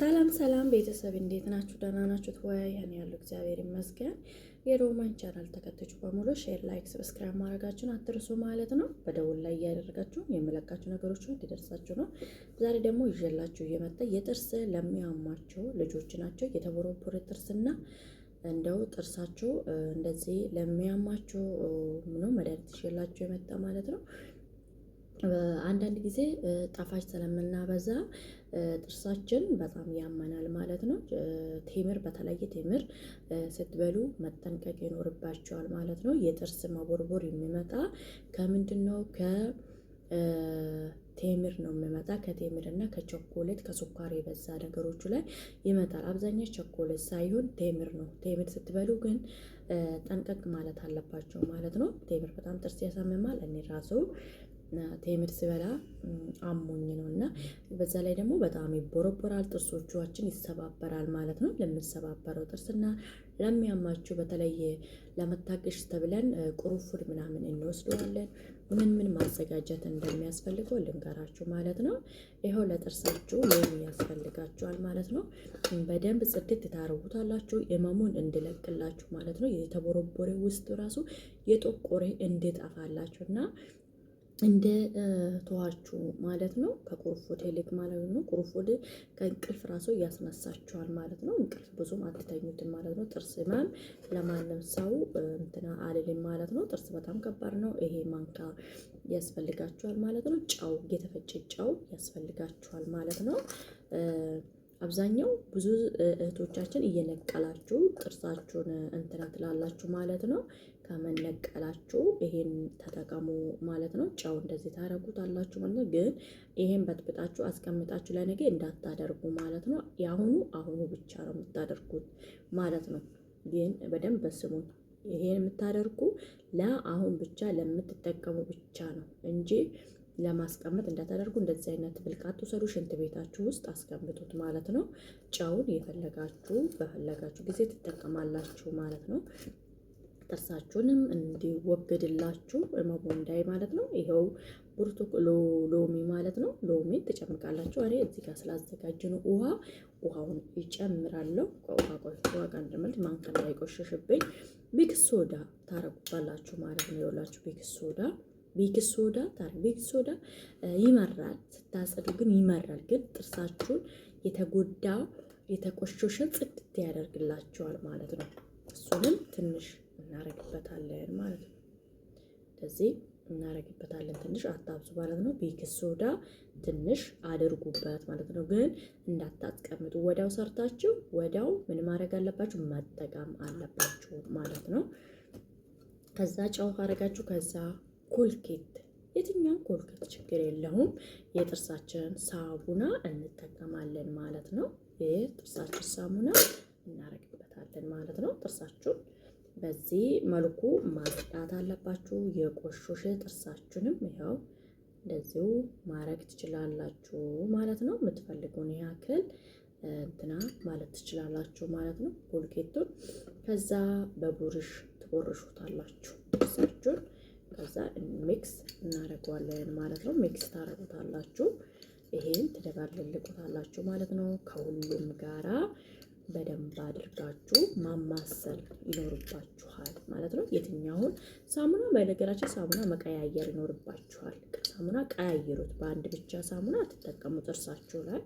ሰላም ሰላም ቤተሰብ እንዴት ናችሁ? ደህና ናችሁ? ተወያያን ያሉ እግዚአብሔር ይመስገን። የሮማን ቻናል ተከታዮች በሙሉ ሼር፣ ላይክ፣ ሰብስክራይብ ማድረጋችሁን አትርሱ ማለት ነው። በደውል ላይ እያደረጋችሁ የመለካችሁ ነገሮች ሊደርሳችሁ ነው። ዛሬ ደግሞ ይዤላችሁ እየመጣ የጥርስ ለሚያማቸው ልጆች ናቸው የተቦረቦረ ጥርስና እንደው ጥርሳችሁ እንደዚህ ለሚያማቸው ምኑ መድኃኒት ይዤላችሁ የመጣ ማለት ነው። አንዳንድ ጊዜ ጣፋጭ ስለምናበዛ ጥርሳችን በጣም ያመናል ማለት ነው። ቴምር በተለየ ቴምር ስትበሉ መጠንቀቅ ይኖርባቸዋል ማለት ነው። የጥርስ መቦርቦር የሚመጣ ከምንድን ነው? ከቴምር ነው የሚመጣ ከቴምር እና ከቸኮሌት ከሱኳር የበዛ ነገሮቹ ላይ ይመጣል። አብዛኛው ቸኮሌት ሳይሆን ቴምር ነው። ቴምር ስትበሉ ግን ጠንቀቅ ማለት አለባቸው ማለት ነው። ቴምር በጣም ጥርስ ያሳምማል። እኔ ራሱ ቴምር ስበላ አሞኝ ነው እና በዛ ላይ ደግሞ በጣም ይቦረቦራል፣ ጥርሶቻችን ይሰባበራል ማለት ነው። ለምንሰባበረው ጥርስና ለሚያማችሁ በተለይ ለመታገሽ ተብለን ቁሩፉድ ምናምን እንወስደዋለን። ምን ምን ማዘጋጀት እንደሚያስፈልገው ልንገራችሁ ማለት ነው። ይኸው ለጥርሳችሁ ሎሚ ያስፈልጋችኋል ማለት ነው። በደንብ ጽድት ታረጉታላችሁ። የመሙን እንድለቅላችሁ ማለት ነው። የተቦረቦሬ ውስጥ ራሱ የጦቆሬ እንድጠፋላችሁ እና እንደ ተዋችሁ ማለት ነው። ከቁርፎ ወደ ማለት ነው። ቁርፎ ወደ ከእንቅልፍ ራሱ እያስነሳችኋል ማለት ነው። እንቅልፍ ብዙም አትተኙትም ማለት ነው። ጥርስ ህመም ለማንም ሰው እንትና አልልም ማለት ነው። ጥርስ በጣም ከባድ ነው። ይሄ ማንካ ያስፈልጋችኋል ማለት ነው። ጨው፣ የተፈጨ ጨው ያስፈልጋችኋል ማለት ነው። አብዛኛው ብዙ እህቶቻችን እየነቀላችሁ ጥርሳችሁን እንትን ትላላችሁ ማለት ነው። ከመነቀላችሁ ይሄን ተጠቀሙ ማለት ነው። ጨው እንደዚህ ታረጉታላችሁ ማለት ነው። ግን ይሄን በጥብጣችሁ አስቀምጣችሁ ለነገ እንዳታደርጉ ማለት ነው። የአሁኑ አሁኑ ብቻ ነው የምታደርጉት ማለት ነው። ግን በደንብ በስሙን ይሄን የምታደርጉ ለአሁን ብቻ ለምትጠቀሙ ብቻ ነው እንጂ ለማስቀመጥ እንዳታደርጉ እንደዚህ አይነት ብልቃጥ ውሰዱ። ሽንት ቤታችሁ ውስጥ አስቀምጡት ማለት ነው። ጨውን የፈለጋችሁ በፈለጋችሁ ጊዜ ትጠቀማላችሁ ማለት ነው። ጥርሳችሁንም እንዲወገድላችሁ መቦንዳይ ማለት ነው። ይኸው ብርቱክ ሎሚ ማለት ነው። ሎሚ ትጨምቃላችሁ። እኔ እዚህ ጋር ስላዘጋጅ ነው ውሃ ውሃውን ይጨምራለሁ። ከውሃ ቆሽቶ ጋር ምልት ማንከላ ይቆሸሽብኝ። ቢክስ ሶዳ ታረጉባላችሁ ማለት ነው። የውላችሁ ቢክስ ሶዳ ቤኪንግ ሶዳ ታሪ ቤኪንግ ሶዳ ይመራል፣ ስታጸዱ ግን ይመራል። ግን ጥርሳችሁን የተጎዳ የተቆሾሸ ጽድት ያደርግላችኋል ማለት ነው። እሱንም ትንሽ እናረግበታለን ማለት ነው። እንደዚህ እናረግበታለን ትንሽ አታብዙ ማለት ነው። ቤኪንግ ሶዳ ትንሽ አድርጉበት ማለት ነው። ግን እንዳታስቀምጡ፣ ወዲያው ሰርታችሁ ወዲያው ምን ማድረግ አለባችሁ? መጠቀም አለባችሁ ማለት ነው። ከዛ ጨው አረጋችሁ ከዛ ኮልጌት የትኛው ኮልጌት ችግር የለውም። የጥርሳችን ሳሙና እንጠቀማለን ማለት ነው። የጥርሳችን ሳሙና እናረግበታለን ማለት ነው። ጥርሳችሁን በዚህ መልኩ ማጽዳት አለባችሁ። የቆሾሸ ጥርሳችንም ይኸው እንደዚሁ ማረግ ትችላላችሁ ማለት ነው። የምትፈልጉን ያክል እንትና ማለት ትችላላችሁ ማለት ነው። ኮልጌቱን ከዛ በቡርሽ ትቦርሹታላችሁ ጥርሳችሁን ከዛ ሚክስ እናደርገዋለን ማለት ነው። ሚክስ ታደርጉታላችሁ። ይሄን ትደባልቁታላችሁ ማለት ነው። ከሁሉም ጋራ በደንብ አድርጋችሁ ማማሰል ይኖርባችኋል ማለት ነው። የትኛውን ሳሙና በነገራችን ሳሙና መቀያየር ይኖርባችኋል። ሳሙና ቀያየሩት። በአንድ ብቻ ሳሙና አትጠቀሙ። ጥርሳችሁ ላይ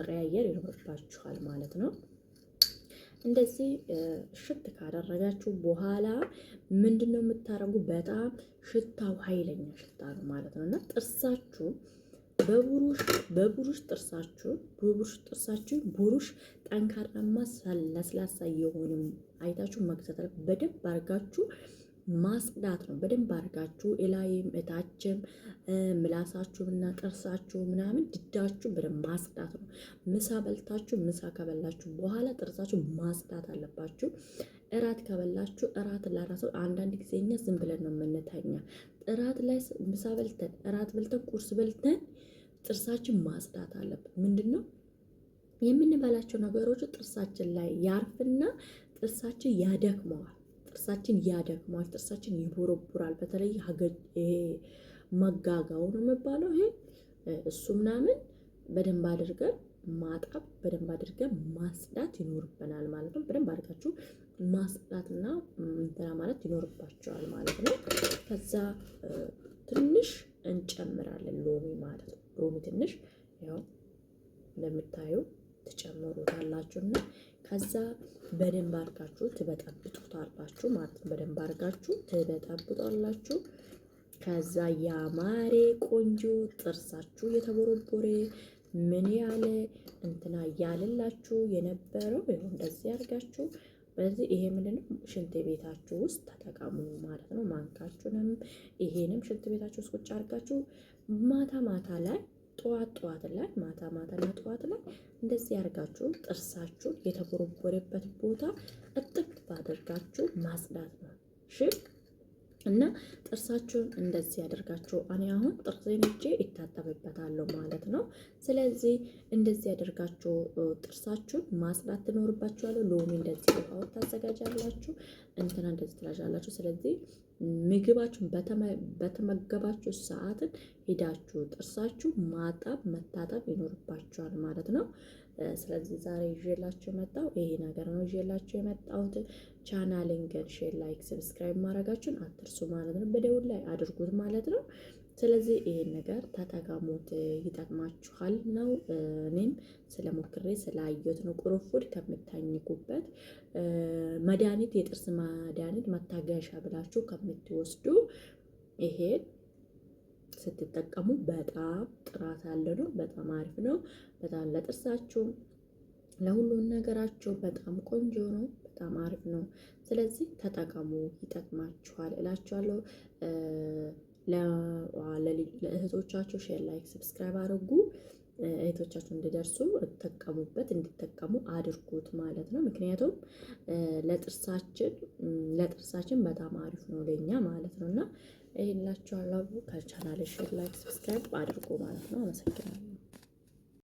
መቀያየር ይኖርባችኋል ማለት ነው። እንደዚህ ሽት ካደረጋችሁ በኋላ ምንድን ነው የምታደርጉ? በጣም ሽታው ኃይለኛ ሽታ ነው ማለት ነው እና ጥርሳችሁ በቡሩሽ በቡሩሽ ጥርሳችሁ በቡሩሽ ጥርሳችሁ ቡሩሽ ጠንካራማ ለስላሳ የሆኑ አይታችሁ መግዛት በደንብ አድርጋችሁ ማጽዳት ነው። በደንብ አድርጋችሁ እላይም እታችም ምላሳችሁምና ጥርሳችሁ ምናምን ድዳችሁ በደንብ ማጽዳት ነው። ምሳ በልታችሁ ምሳ ከበላችሁ በኋላ ጥርሳችሁ ማጽዳት አለባችሁ። እራት ከበላችሁ እራት ለራሱ አንዳንድ ጊዜ እኛ ዝም ብለን ነው የምንተኛ። እራት ላይ ምሳ በልተን እራት በልተን ቁርስ በልተን ጥርሳችን ማጽዳት አለብን። ምንድን ነው የምንበላቸው ነገሮች ጥርሳችን ላይ ያርፍና ጥርሳችን ያደክመዋል። ጥርሳችን ያደክማል፣ ጥርሳችን ይቦረቡራል። በተለይ ይሄ መጋጋው ነው የሚባለው ይሄ እሱ ምናምን በደንብ አድርገን ማጣብ በደንብ አድርገን ማጽዳት ይኖርብናል ማለት ነው። በደንብ አድርጋችሁ ማጽዳትና እንትና ማለት ይኖርባቸዋል ማለት ነው። ከዛ ትንሽ እንጨምራለን ሎሚ ማለት ነው። ሎሚ ትንሽ ያው እንደምታዩ ትጨምሩታላችሁ እና ከዛ በደንብ አርጋችሁ ትበጠብጡታላችሁ ማለት ነው። በደንብ አርጋችሁ ትበጠብጧላችሁ። ከዛ ያማረ ቆንጆ ጥርሳችሁ የተቦረቦረ ምን ያለ እንትና እያለላችሁ የነበረው ይሁን እንደዚህ አርጋችሁ በዚህ ይሄ ምንድነው ሽንት ቤታችሁ ውስጥ ተጠቀሙ ማለት ነው። ማንካችሁንም ይሄንም ሽንት ቤታችሁ ውስጥ ቁጭ አርጋችሁ ማታ ማታ ላይ ጠዋት ጠዋት ላይ ማታ ማታና ጠዋት ላይ እንደዚህ አድርጋችሁ ጥርሳችሁ የተቦረቦረበት ቦታ እጥፍ አድርጋችሁ ማጽዳት ነው። እሺ እና ጥርሳችሁን እንደዚህ ያደርጋችሁ። እኔ አሁን ጥርሴን እጄ ይታጠብበታለሁ ማለት ነው። ስለዚህ እንደዚህ ያደርጋችሁ ጥርሳችሁን ማጽዳት ትኖርባችኋል። ሎሚ እንደዚህ ውሃው ታዘጋጃላችሁ፣ እንትና እንደዚህ ትላጃላችሁ። ስለዚህ ምግባችሁን በተመገባችሁ ሰዓትን ሂዳችሁ ጥርሳችሁ ማጣብ መታጠብ ይኖርባችኋል ማለት ነው። ስለዚህ ዛሬ ይዤላችሁ መጣው ይሄ ነገር ነው ይዤላችሁ የመጣሁት። ቻናልን ግን ሼር፣ ላይክ፣ ሰብስክራይብ ማድረጋችሁን አትርሱ ማለት ነው። በደውል ላይ አድርጉት ማለት ነው። ስለዚህ ይሄን ነገር ተጠቀሙት፣ ይጠቅማችኋል ነው። እኔም ስለሞክሬ ስላየሁት ነው። ቅርንፉድ ከምታኝኩበት መድኃኒት፣ የጥርስ መድኃኒት መታገሻ ብላችሁ ከምትወስዱ ይሄን ስትጠቀሙ በጣም ጥራት ያለ ነው። በጣም አሪፍ ነው። በጣም ለጥርሳችሁ ለሁሉም ነገራችሁ በጣም ቆንጆ ነው። በጣም አሪፍ ነው። ስለዚህ ተጠቀሙ፣ ይጠቅማችኋል እላችኋለሁ። ለእህቶቻችሁ ሼር፣ ላይክ፣ ሰብስክራይብ አድርጉ። እህቶቻችሁ እንዲደርሱ ተጠቀሙበት፣ እንዲጠቀሙ አድርጉት ማለት ነው። ምክንያቱም ለጥርሳችን ለጥርሳችን በጣም አሪፍ ነው ለኛ ማለት ነው እና ይሄን ላችኋለሁ። ከቻናል ሼር፣ ላይክ፣ ሰብስክራይብ አድርጉ ማለት ነው። አመሰግናለሁ።